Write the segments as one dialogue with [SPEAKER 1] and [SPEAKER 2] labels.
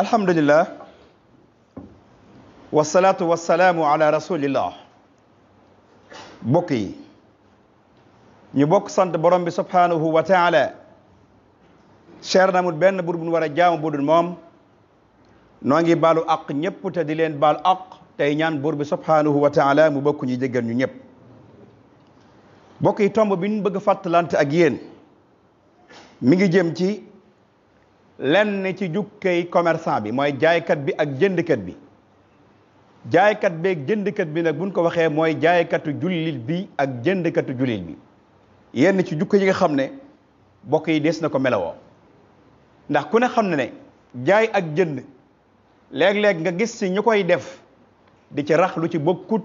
[SPEAKER 1] alhamdulillah wasalaatu wasalaamu ala rasulillah bokk yi ñu bokk sant borom bi subhanahu wa taala cher na amul benn bur bu nu war a jaamu budul moom noo ngi baalu aq ñëpp te di leen baalu tey ñaan buur bi subhanahu wa taala mu bokk ñu jéggal ñu ñëpp bokk yi tomb bi ñu bëgg fàttalante ak yéen mi ngi jëm ci lenn ci jukkay commercant bi mooy jaaykat bi ak jëndkat bi jaaykat bi ak jëndkat bi nag buñ ko waxee mooy jaaykatu jullit bi ak jëndkatu jullit bi yenn ci jukka yi nga xam ne bokk yi des na ko melawoo ndax ku ne xam ne ne jaay ak jënd léeg-léeg nga gis ci ñu koy def di ci rax lu ci bokkut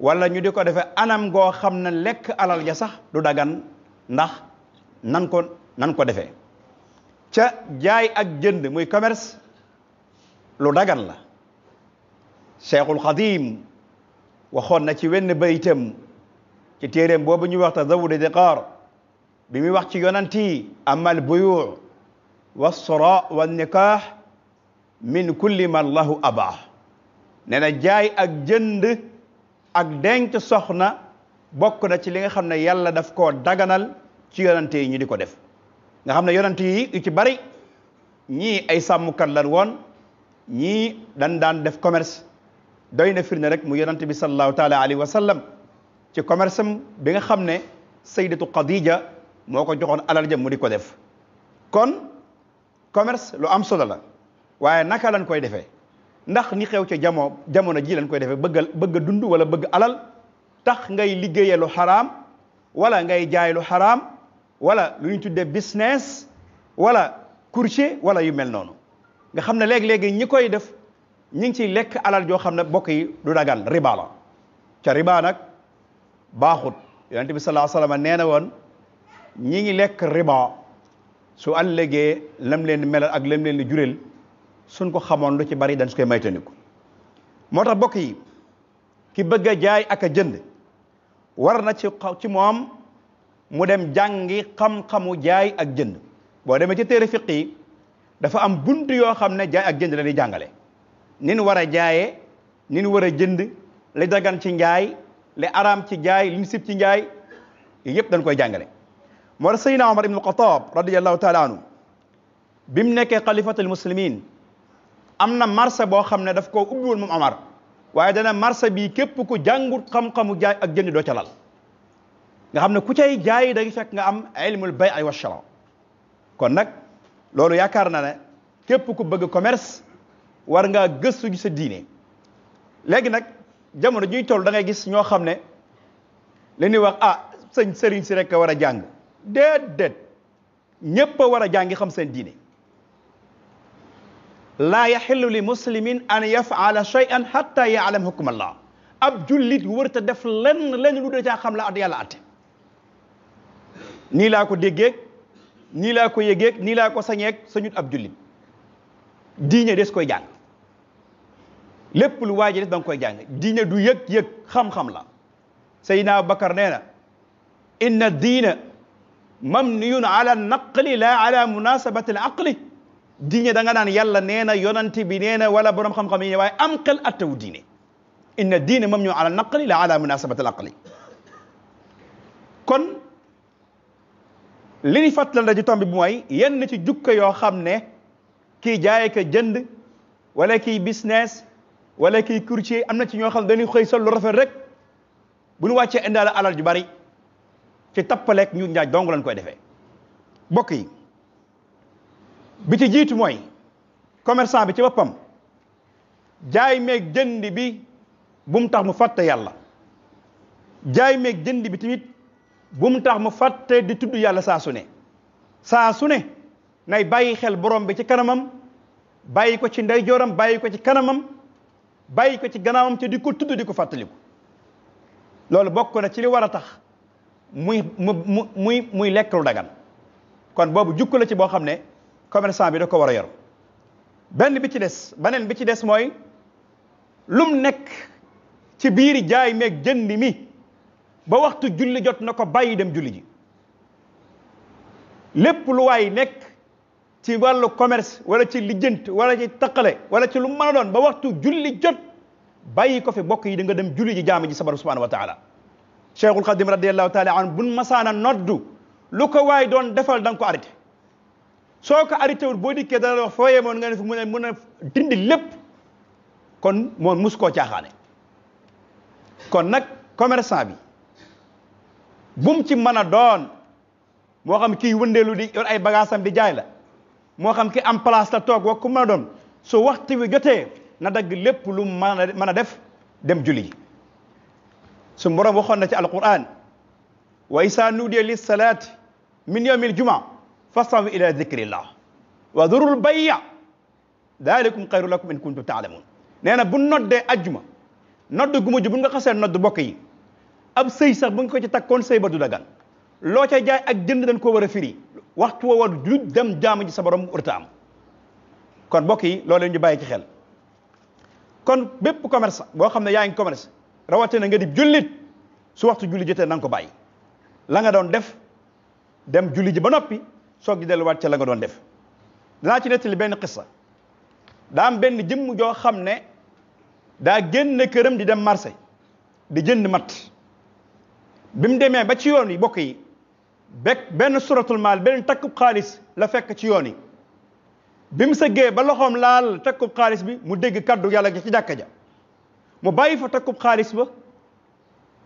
[SPEAKER 1] wala ñu di ko defee anam goo xam ne lekk alal ja sax du dagan ndax nan ko nan ko defee ca jaay ak jënd muy commerce lu dagan la cheikhul xadim waxoon na ci wenn baytam ci téeréem boobu ñuy waxta tazawud diqaar bi muy wax ci yonant yi amal wa wasra wa nikah min kulli ma allahu aba nee na jaay ak jënd ak denc soxna bokk na ci li nga xam ne yàlla daf ko daganal ci yonante yi ñu di ko def nga xam ne yonent yi yu ci bari ñii ay sàmmkat lan woon ñii dan daan def commerce doy ne firnde rek mu yonent bi sallallahu taala alayhi wa sallam ci commerce am bi nga xam ne saydatu Khadija moo ko joxoon alal jëm mu di ko def kon commerce lu am solo la waaye naka lañ koy defee ndax ni xew ca jamono jamono ji lañ koy defee bëgg bëgg a dund wala bëgg alal tax ngay liggéeyee lu xaraam wala ngay jaay lu xaraam wala lu ñu tuddee business wala courtier wala yu mel noonu nga xam ne léegi-léegi ñi koy def ñi ngi ciy lekk alal joo xam ne bokk yi du dagan riba la ca riba nag baaxut yonente bi sallallahu alayhi wasallam nee na woon ñi ngi lekk riba su àllëgee lam leen melal ak lam leen di jureel suñ ko xamoon lu ci bari dañ su koy maytandiku moo tax bokk yi ki bëgg a jaay ak a jënd war na ci ci moom mu dem jàngi xam-xamu jaay ak jënd boo demee ci téere fiq yi dafa am bunt yoo xam ne jaay ak jënd la ñuy jàngale ni ñu war a jaayee ni ñu war a jënd li dagan ci njaay le araam ci jaay li ñu sib ci njaay yëpp dañ koy jàngale moo tax Seydina Omar ibn Xataab radiallahu taala bi mu nekkee xalifatul muslimin am na marché boo xam ne daf koo ubbiwul moom Omar waaye dana marché bii képp ku jàngut xam jaay ak jënd doo ca lal nga xam ne ku cay jaay da fekk nga am ilmul bay ay washara kon nag loolu yaakaar na ne képp ku bëgg commerce war ngaa gëstu ci sa diine léegi nag jamono juy toll da ngay gis ñoo xam ne li ñuy wax ah sëñ sëriñ si rek a war a jàng déet déet ñépp war a jàngi xam seen diine laa yaxillu li muslimin an yafaala al hatta yaalam hukmallah ab jullit wërta def lenn lenn lu da caa xam la at yàlla atte nii laa ko déggeeg nii laa ko yëgeeg nii laa ko sañeeg sañut ab jullit diine des koy jàng lépp lu waaj a def koy jàng diine du yëg-yëg xam-xam la Seydina Abubakar nee na inna diina mamniyun ala naqli laa ala munasabati al aqli diine da nga naan yàlla nee na yonanti bi nee na wala borom xam-xam yi ne waaye am xel attawu diine inna diina mamniyun ala naqli laa ala munasabati al aqli li ñu fàttalante ci tomb bi mooy yenn ci jukko yoo xam ne kii jaay ka jënd wala kii business wala kii courtier am na ci ñoo xam ne dañuy xëy sol lu rafet rek bu ñu wàccee indaale alal ju bari ci tappaleeg ñu njaaj dong lañ koy defee mbokk yi bi ci jiitu mooy commerçant bi ci boppam jaay meeg jënd bi bu tax mu fàtte yàlla jaay meeg jënd bi tamit bu mu tax mu fàtte di tudd yàlla saa su ne saa su ne nay bàyyi xel borom bi ci kanamam bàyyi ko ci ndeyjooram bàyyi ko ci kanamam bàyyi ko ci gannaawam ci di ko tudd di ko fàttaliku loolu bokk na ci li war a tax muy mu mu muy muy lekk lu dagan kon boobu jukka la ci boo xam ne commerçant bi da ko war a yor benn bi ci des beneen bi ci des mooy lum nekk ci biir jaay meeg jënd mi ba waxtu julli jot na ko bàyyi dem julli lépp lu waay nekk ci wàllu commerce wala ci lijjant wala ci taqale wala ci lu mën doon ba waxtu julli jot bàyyi ko fi bokk yi da nga dem julli ji jaam ji sabar subhanahu wa taala cheikhul xadim radiallahu taala an buñ masaana noddu lu ko waay doon defal da nga ko arrêté soo ko arrêté wul boo dikkee dana wax foo moon nga ne mun a mun a dindi lépp kon moom mus koo caaxaane kon nag commerçant bi bum ci mën a doon moo xam kiy wëndeelu di yor ay bagaasam di jaay la moo xam ki am place la toog wax ku mën doon su waxtu wi jotee na dagg lépp lu mën mën a def dem julli su borom waxoon na ci alquran wa isa nuudiya li salaat min yawmil jumaa fastawi ila dicrillah wa durul bayya dalikum xayru lakum in kuntum taalamun nee na bu noddee ajjuma nodd gu mujj bu nga xasee nodd bokk yi ab sëy sax bu ñu ko ci takkoon sëy ba du dagan loo ca jaay ak jënd dañ koo war a firi waxtu woo war du dem jaamu ji sa borom urta am kon mbokk yi loolu ñu bàyyi ci xel kon bépp commerce boo xam ne yaa ngi commerce rawatina nga di jullit su waxtu julli jotee na nga ko bàyyi la nga doon def dem jullit ji ba noppi soog di delluwaat ca la nga doon def danaa ci nettali benn xissa daa am benn jëmm joo xam ne daa génn këram di dem marché di jënd matt bi mu demee ba ci yoon yi bokk yi bekk benn suratul maal benn takkub xaalis la fekk ci yoon yi bi mu sëggee ba loxoom laal takkub xaalis bi mu dégg kaddu yàlla gi ci jàkka ja mu bàyyi fa takkub xaalis ba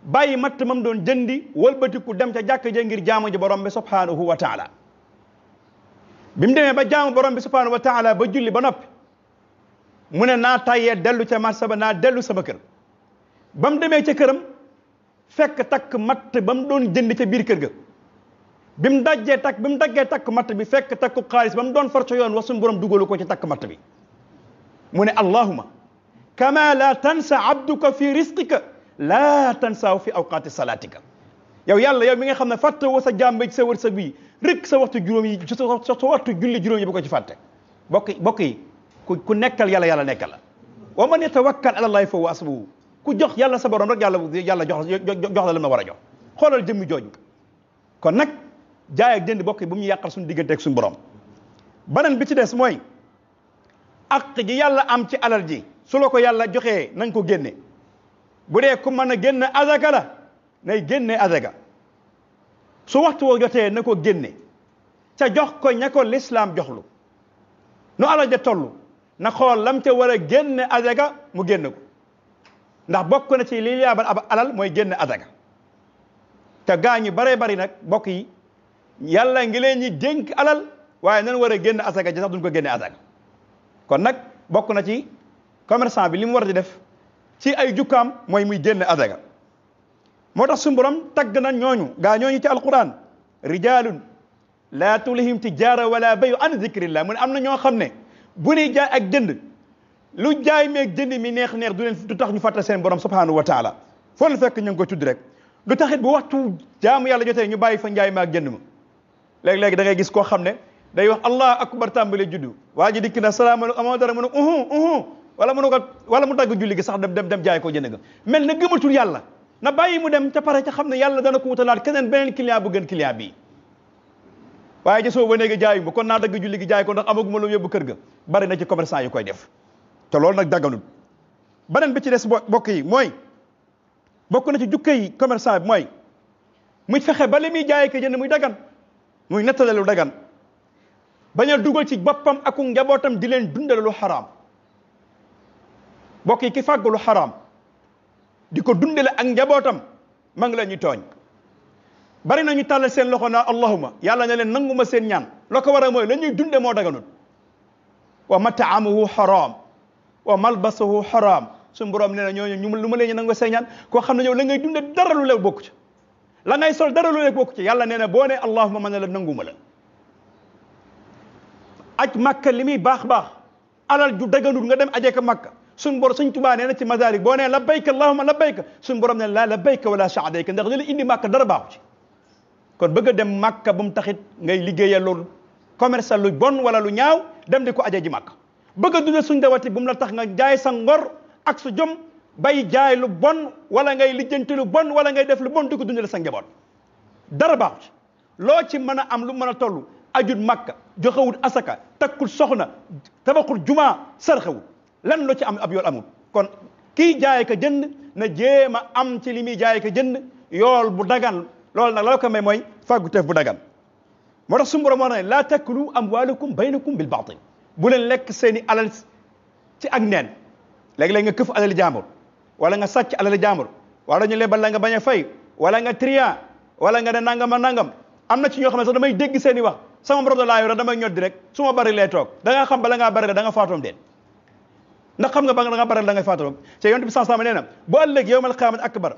[SPEAKER 1] bàyyi matt mam doon jëndi walbatiku dem ca jàkka ja ngir jaamu ji borom bi subhanahu wa taala bi mu demee ba jaamu borom bi subhanahu wa taala ba julli ba noppi mu ne naa tayyee dellu ca marché ba naa dellu sama kër ba mu demee ca këram fekk takk matt ba mu doon jënd ca biir kër ga bi mu dajjee takk bi mu daggee takk matt bi fekk takku xaalis ba doon far ca yoon wa suñu borom dugalu ko ci takk matt bi mu ne allahuma kama la tansa abduka fi risqika la tansaw fi awqaati salaatika yow yàlla yaw mi nga xam ne fàtte woo sa jàmbe ci sa bi rek sa waxtu juróom yi sa waxtu julli juróom yi bu ko ci fàtte bokk bokk yi ku nekkal yàlla yàlla nekkal la wa man yatawakkal ala allahi fa huwa asbuhu ku jox yàlla sa borom rek yàlla yàlla jox jox la la ma war a jox xoolal jëmmi jooju nag jaay ak jënd bokk bu mu yàqal suñu digganteeg suñu borom beneen bi ci des mooy ak ji yàlla am ci alal ji su la ko yàlla joxee nañ ko génne bu dee ku mën a génne azaka la nay génne azaka su waxtu woo jotee na ko génne ca jox ko ña ko lislaam joxlu nu alal ja toll na xool lam ca war a génne azaka mu génne ko ndax bokk na ci li yaabal alal mooy génn adaga te gaa ñu baree bari nag bokk yi yàlla ngi leen ñi alal waaye nan war a génn asaga ji sax duñ ko génne asaga kon nag bokk na ci commerçant bi li mu war di def ci ay jukkaam mooy muy génn asaga moo tax suñu borom tagg na ñooñu gaa ñooñu ci alquran rijalun laa tulihim tijaara wala bayu an zikrillah mu ne am na ñoo xam ne bu ñuy jaay ak jënd lu jaay meeg jënd mi neex neex du leen du tax ñu fàttali seen borom subhanahu wa taala foo leen fekk ñu ngi ko tudd rek du taxit bu waxtu jaamu yàlla jotee ñu bàyyi fa njaay ma jënd ma léeg-léeg da gis koo xam ne day wax allah akbar tàmbali juddu waa ji dikk na salaamaaleykum amoo dara mu ne uhu uhu wala mu ne dagg julli gi sax dem dem dem jaay ko jënd ga mel na gëmatul yàlla na bàyyi mu dem ca pare ca xam ne yàlla dana ko wutalaat keneen beneen client bu gën client bi waaye ja soo ba néegi jaayu naa julli gi jaay ko ndax amaguma lu yóbbu kër ga bari na ci commerçant yu koy def te loolu nag dagganul beneen bi ci des bokk yi mooy bokk na ci jukke yi commerçant bi mooy muy fexe ba li muy jaayee ko muy dagan muy nettale lu dagan bañ a dugal ci boppam ak njabootam di leen dundal lu xaraam bokk yi ki fàgg lu xaraam di ko dundale ak njabootam ma ngi la ñuy tooñ bari nañu tàllal seen loxo naa allahuma yàlla na leen nanguma seen ñaan loo ko war mooy la ñuy dunde moo daganul wa mataamuhu xaraam wa malbasuhu haram suñu borom nee na ñooñu ñu lu ma leen nangoo say ñaan koo xam ne ñoo la ngay dunde dara lu la bokku la ngay sol dara lu la bokku ci yàlla nee na boo ne allahuma man la nanguma la aj makka li muy baax baax alal ju daganul nga dem ajee ko makka suñu borom suñ tubaa nee na ci masalik boo nee labbayka allahuma labbayka suñu borom nee la labbayka wala saadayka ndax li la indi makka dara baaxu kon bëgg a dem makka bu mu taxit ngay liggéeyal loolu commercial lu bon wala lu ñaaw dem di ko aje ji makka bëgg a dundal suñ dawati bu mu la tax nga jaay sangor ngor ak su jom bay jaay lu bon wala ngay lijjanti lu bon wala ngay def lu bon di ko dundal sa njaboot dara baaxu ci loo ci mën a am lu mën a toll ajut makka joxewul asaka takkul soxna tabaxul jumaa sarxewul lan loo ci am ab yool amul kon kii jaay ka jënd na jéem am ci li muy jaay ka jënd yool bu dagan loolu na loo ka may mooy fàggu bu dagan moo tax suñu borom moo ne laa takulu am baynakum bil baatil bu leen lekk seeni alal ci ak neen léegi-léeg nga këf alal jaambur wala nga sàcc alal jaambur wala ñu lebal la nga bañ a fay wala nga trian wala nga ne nangam a nangam am na ci ñoo xam ne sax damay dégg seeni wax sama brodo laa yor damay ñoddi rek su ma bari lay toog danga ngaa xam bala ngaa bari da danga faatoom deen ndax xam nga ba da nga bari da nga faatoom te yonent bi sallallahu alayhi wasallam nee na bu ëllëg yawmal qiyaamati akbar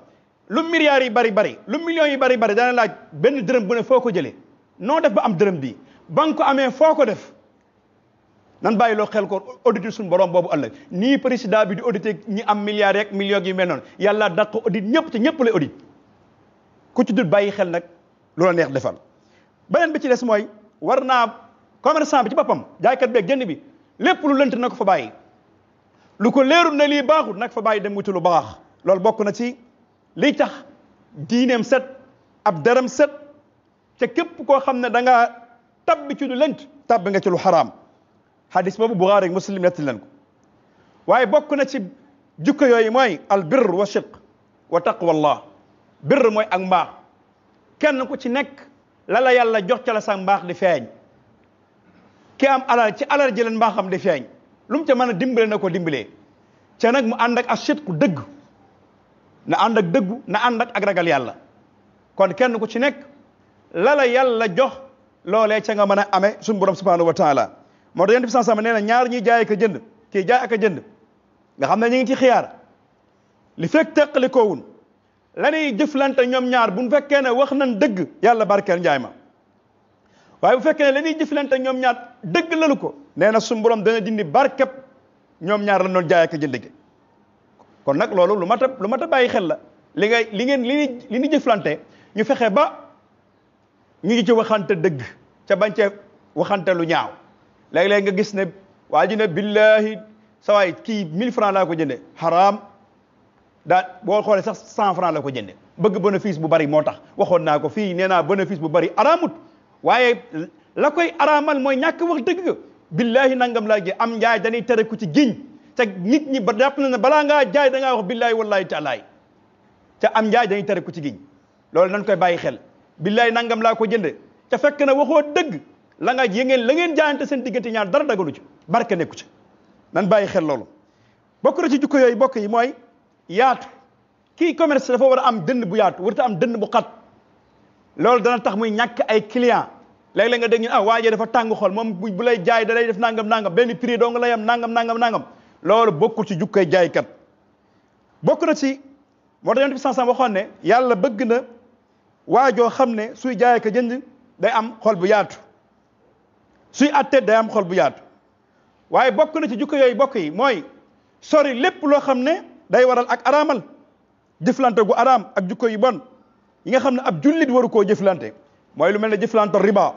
[SPEAKER 1] lu milliards yi bari bari lu millions yi bari bari dana laaj benn dërëm bu ne foo ko jëlee noo def ba am dërëm bii ba nga ko amee foo ko def nan bàyyi loo xel ko audité suñu borom boobu ëllëg nii président bi di audité ñi am milliards rek millions yi mel noonu yàlla daq ko audit ñëpp te ñëpp lay ku ci dul bàyyi xel nag loola neex defal beneen bi ci des mooy war naa commerçant bi ci boppam jaaykat beeg jënd bi lépp lu lënt na ko fa bàyyi lu ko leerul ne lii baaxul nag fa bàyyi dem ci lu baax loolu bokk na ci li tax diineem set ab deram set te képp koo xam ne danga ngaa tabbi ci lu lënt tabbi nga ci lu xaraam xadis boobu Buxaari ak Muslim nettali leen ko waaye bokk na ci jukko yooyu mooy al birr wa sidq wa taqwallah birr mooy ak mbaax kenn ku ci nekk lala la yàlla jox ca mbaax di feeñ ki am ala ci alal ji mbaaxam di feeñ lu ca mën a dimbale na ko dimbalee ca nag mu ànd ak asidku dëgg na ànd dëggu na ànd ak ragal yàlla kon kenn ku ci nekk la la jox loole ca nga mën a amee suñu borom subhanahu wa taala moo tax yonent bi sallallahu sama wasallam nee na ñaar ñuy jaay ak jënd kii jaay ak a jënd nga xam ne ñu ngi ci xiyaar li fekk teqalikoowun lanuy jëflante ñoom ñaar bu fekkee ne wax nañ dëgg yàlla barkeel njaay ma waaye bu fekkee ne jëflante ñoom ñaar dëgg lalu ko nee na suñu borom dana dindi barkeb ñoom ñaar la doon jaay ak a jënd gi kon nag loolu lu mat a lu mat a bàyyi xel la li ngay li ngeen li li ñu jëflante ñu fexe ba ñu ngi ci waxante dëgg ca bañ cee waxante lu ñaaw léeg-léeg nga gis ne waa ji ne billahi sa waay kii 1000 francs laa ko jënde xaraam daal boo xoolee sax 100 francs la ko jënde bëgg bénéfice bu bari moo tax waxoon naa ko fii nee naa bénéfice bu bari araamut waaye la koy araamal mooy ñàkk wax dëgg billahi nangam laa jë am njaay dañuy tere ku ci giñ te nit ñi ba jàpp na ne balaa ngaa jaay da ngaa wax billahi wallahi te am njaay dañuy tere ku ci giñ loolu nañ koy bàyyi xel billahi nangam laa ko jënde te fekk na waxoo dëgg la nga yëngeen la ngeen jaayante seen diggante ñaar dara dagalu ci barke nekku ci nan bàyyi xel loolu bokk na ci jukko yooyu bokk yi mooy yaatu kii commerce dafa war a am dënn bu yaatu warta am dënn bu xat loolu dana tax muy ñàkk ay client léeg nga dégg ñu ah waajee dafa tàng moom bu lay jaay da def nangam nangam benn prix dong lay am nangam nangam nangam loolu bokkul ci jukkoy jaaykat bokk na ci moo tax yonent bi sansam ne yàlla bëgg na waajoo xam ne suy jaay ka jënd day am xol bu yaatu suy àttee day am xol bu yaatu waaye bokk na ci jukko yooyu bokk yi mooy sori lépp loo xam ne day waral ak araamal jëflante gu araam ak jukko yi bon yi nga xam ne ab jullit waru koo jëflante mooy lu mel ne jëflante riba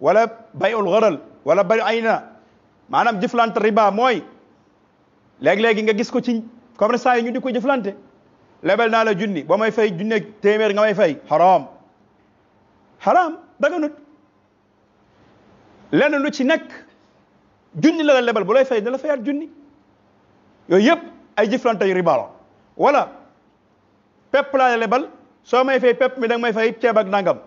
[SPEAKER 1] wala bayul gharal wala bay ayna maanaam jëflante riba mooy léeg-léegi nga gis ko ci commerçant yi ñu di ko jëflante lebel naa la junni boo mooy fay junne téeméer nga may fay xaraam xaraam daganut lenn lu ci nekk junni la lebal bu lay fay da la fayaat junni yooyu yëpp ay jëflante yu riba la pepp laa la lebal soo may fay pepp mi da may fay ceeb ak nangam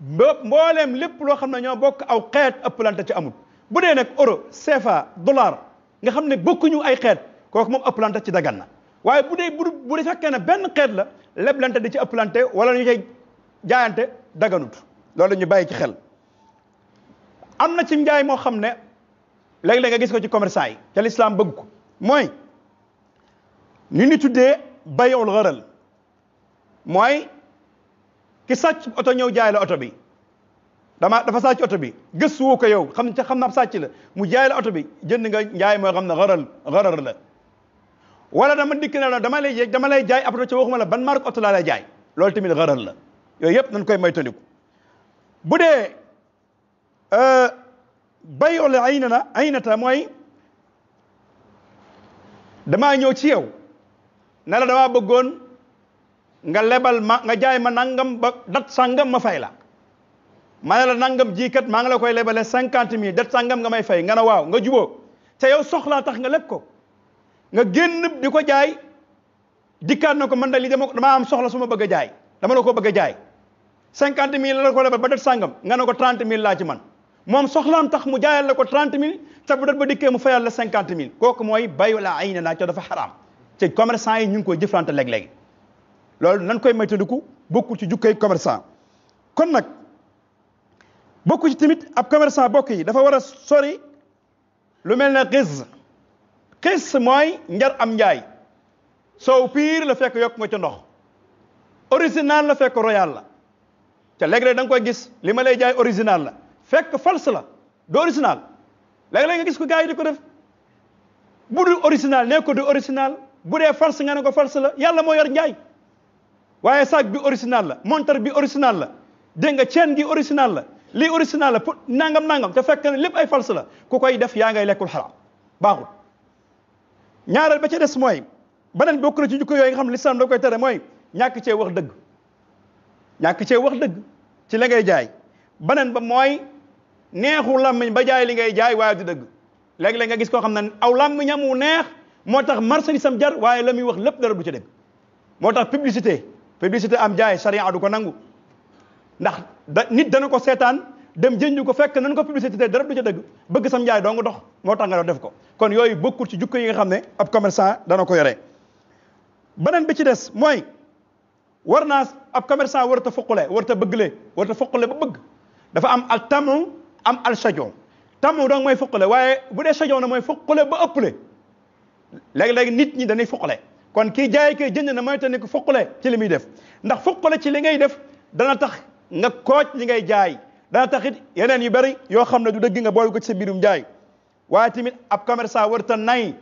[SPEAKER 1] mbooleem lépp loo xam ne ñoo bokk aw xeet ëpplante ci amul bu dee nag euro CFA dollar nga xam ne bokkuñu ay xeet kooku moom ëpplante ci dagan waaye bu dee bu bu dee fekkee ne benn xeet la leblante di ci ëpplante wala nu cay jaayante daganut loolu ñu bàyyi ci xel am na ci njaay moo xam ne léeg-léeg nga gis ko ci commerçant yi te l'islam bëgg ko mooy ñu ni tuddee bayowul xëral mooy ki sàcc oto ñëw jaay la oto bi dama dafa sàcc oto bi gëstu woo ko yow xam xam na sàcc la mu jaay la oto bi jënd nga njaay mooy xam ne xëral xëral la wala dama dikk ne la dama lay dama lay jaay après ca waxuma la ban marque oto laa lay jaay loolu tamit xëral la yooyu yëpp nañ koy moytandiku bu dee bayoo la ay na na ay na mooy damaa ñëw ci yow ne la damaa bëggoon nga lebal ma nga jaay ma nangam ba dat sangam ma fay la ma ne la nangam jiikat maa ngi la koy lebale cinquante mille dat sangam nga may fay nga ne waaw nga juboo te yow soxlaa tax nga leb ko nga génn di ko jaay dikkaat na ko man da li dama damaa am soxla su ma bëgg a jaay dama la ko bëgg jaay cinquante mille la ko lebal ba dat sangam nga ne ko trente mille laa ci man moom soxlaam tax mu jaayal la ko trente mille te bu dot ba dikkee mu fayal la cinquante mille kooku mooy bayu la ay na naa co dafa xaraam ci commerçant yi ñu ngi koy jëflante léeg-léegi loolu nan koy moytandiku bokkul ci jukkay commerçant kon nag bokku ci tamit ab commerçant bokk yi dafa war a sori lu mel ne xis xis mooy njar am njaay soow piir la fekk yokk nga ca ndox original la fekk royal la te léeg-léeg koy gis li ma lay jaay original la fekk false la du original léeg-léeg nga gis ko gars yi di ko def bu du original nee ko du original bu dee false nga ne ko false la yàlla mooy yor njaay waaye sac bi original la montar bi original la dégg nga chaîne gi original la li original la pour nangam nangam te fekk ne lépp ay false la ku koy def yaa ngay lekkul xaraam baaxul ñaareel ba ca des mooy beneen bokk na ci jukko yooyu nga xam ne lislaam da koy tere mooy ñàkk cee wax dëgg ñàkk cee wax dëgg ci la jaay beneen ba mooy neexu làmmiñ ba jaay li ngay jaay waaye du dëgg léeg-léeg nga gis koo xam ne aw làmmiñam wu neex moo tax marchandise sam jar waaye la muy wax lépp dara du ci dëgg moo tax publicité publicité am jaay charia du ko nangu ndax da nit dana ko seetaan dem jën jënd ko fekk nan ko publicité dara du ca dëgg bëgg sam jaay doo nga dox moo tax nga def ko kon yooyu bokkul ci jukko yi nga xam ne ab commerçant dana ko yore beneen bi ci des mooy war naa ab commerçant warut a foqale warut bëggle warut a ba bëgg dafa am al tamu am al sajon tàmm dong mooy fuqale waaye bu dee sajon na mooy fuqale ba ëppale léegi-léegi nit ñi dañuy fuqale kon kii jaay ke jënd na mooy te ni ko fuqale ci muy def ndax fuqale ci li ngay def dana tax nga kooj li ngay jaay dana taxit yeneen yu bari yoo xam ne du dëgg nga boole ko ci sa biirum jaay waaye tamit ab commerçant warta nay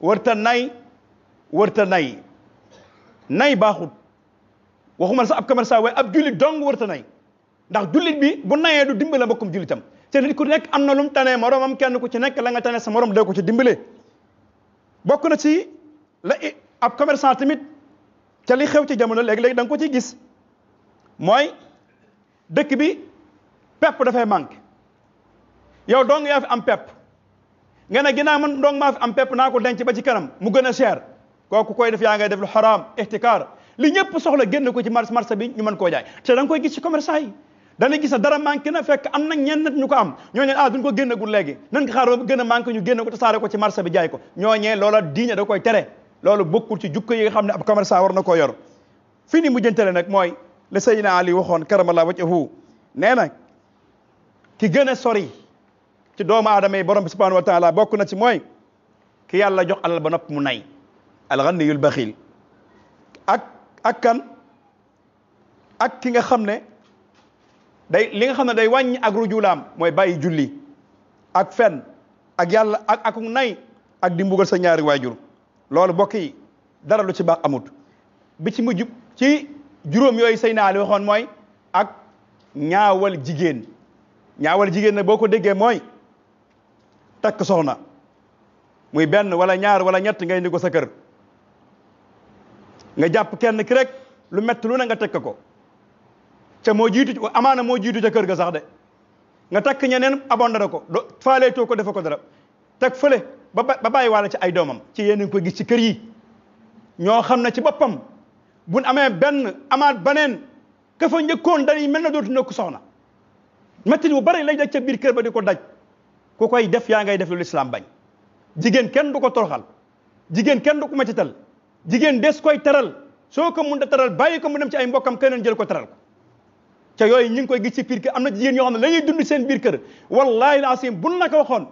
[SPEAKER 1] warta nay warta nay nay baaxut waxuma la sax ab commerçant waaye ab jullit dong warta nay ndax jullit bi bu nawee du dimbale mbokkum jullitam te nit ku nekk am na lu mu tanee moromam kenn ku ci nekk la nga sa morom doo ko ci dimbale bokk na ci la ab commerçant tamit ca li xew ci jamono léegi-léegi da nga ko ciy gis mooy dëkk bi pepp dafay manqué yow dong yaa fi am pepp nga ne ginnaaw man dong maa fi am pepp naa ko denc ba ci kanam mu gën a cher kooku koy def yaa ngay def lu xaraam ixtikaar li ñëpp soxla génn ko ci marché marché bi ñu mën koo jaay te da nga gis ci commerçant yi dana gisa dara manqué na fekk am na ñenn ñu ko am ñooñu ah duñ ko génnagul léegi nan ko xaar ba gën a manqué ñu génne ko ko ci marché bi jaay ko ñooñee loola diine da koy tere loolu bokkul ci jukko yi nga xam ne ab commerçant war na koo yor fii ni mujjantale nag mooy la Seydina Ali waxoon karamallahu wajhahu nee na ki gën sori ci doomu aadama yi borom bi subhanahu wa taala bokk na ci mooy ki yàlla jox alal ba nopp mu nay alxanniyul baxil ak ak kan ak ki nga xam ne day li nga xam ne day wàññi agru rujulaam mooy bàyyi julli ak fen ak yàlla ak ak nay ak di mbugal sa ñaari waajur loolu bokk yi dara lu ci baax amut bi ci mujj ci juróom yooyu say naa li waxoon mooy ak ñaawal jigéen ñaawal jigéen ne boo ko déggee mooy takk soxna muy benn wala ñaar wala ñett ngay indi ko sa kër nga jàpp kenn ki rek lu mett lu ne nga tekk ko te moo jiitu amaana moo jiitu ca kër ga sax de nga takk ñeneen abondé ko do faalee too ko defe ko dara teg fële ba ba bàyyi wàlla ci ay doomam ci yéen ko gi ci kër yi ñoo xam ne ci boppam buñ amee benn amaat beneen ka fa njëkkoon dañuy mel na dootu nekk soxna métti bu bari lay daj ca biir kër ba di ko daj ku koy def yaa ngay def lu lislaam bañ jigéen kenn du ko toroxal jigéen kenn du ko metital jigéen des koy teral soo ko mun a teral bàyyi ko mu dem ci ay mbokkam keneen jël ko teral ko te yooyu ñu ngi koy gis ci biir kër am na jigéen ñoo xam ne la ñuy dund seen biir kër wallahi laasim buñ la ko waxoon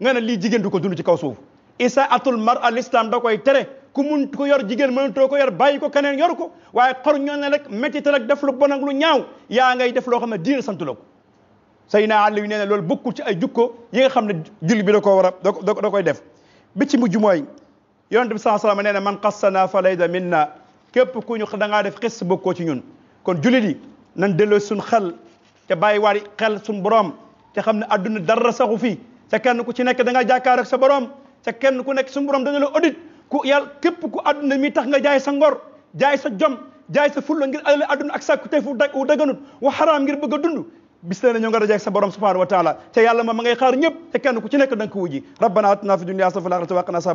[SPEAKER 1] nga ne lii jigéen du ko dund ci kaw suuf isa atul mar al islam da koy tere ku mun ko yor jigéen mënatoo ko yor bàyyi ko keneen yor ko waaye xor ñoo ne rek méttital ak def lu bon lu ñaaw yaa ngay def loo xam ne diina santu la ko Seydina Ali yu nee ne loolu bokkul ci ay jukko yi nga xam ne julli bi da ko war a da da koy def bi ci mujj mooy yonent bi saa salaam nee na man xassana falayda minna képp ku ñu da def xis bokkoo ci ñun kon julli di nan delloo suñ xel te bàyyi waari xel suñ borom te xam ne adduna dara saxu fi te kenn ku ci nekk da nga jàkkaar ak sa borom te kenn ku nekk suñu borom dana la audit ku yàlla képp ku adduna mi tax nga jaay sa ngor jaay sa jom jaay sa fulla ngir alal adduna ak sàkku teefu daganut wa xaraam ngir bëgg a dund bis na ñoo nga dajeeg sa borom subhanahu wa ma ma ngay xaar ñëpp kenn ku ci nekk da nga wuji rabbana atina fi dunya hasanatan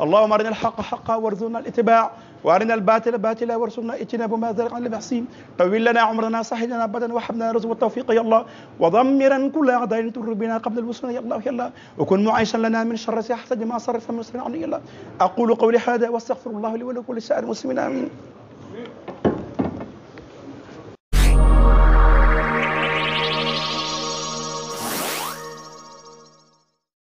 [SPEAKER 1] اللهم أرنا الحق حقا وارزقنا الاتباع وأرنا الباطل باطلا وارزقنا اجتناب ما زرع عن المحسين طويل لنا عمرنا صحح لنا أبدا وحبنا رزق والتوفيق يا الله وضمرا كل أعداء تر بنا قبل الوصول يا الله يا الله وكن معيشا لنا من شر حسد ما صرف من سنة يا الله أقول قولي هذا واستغفر الله لي ولكل سائر المسلمين آمين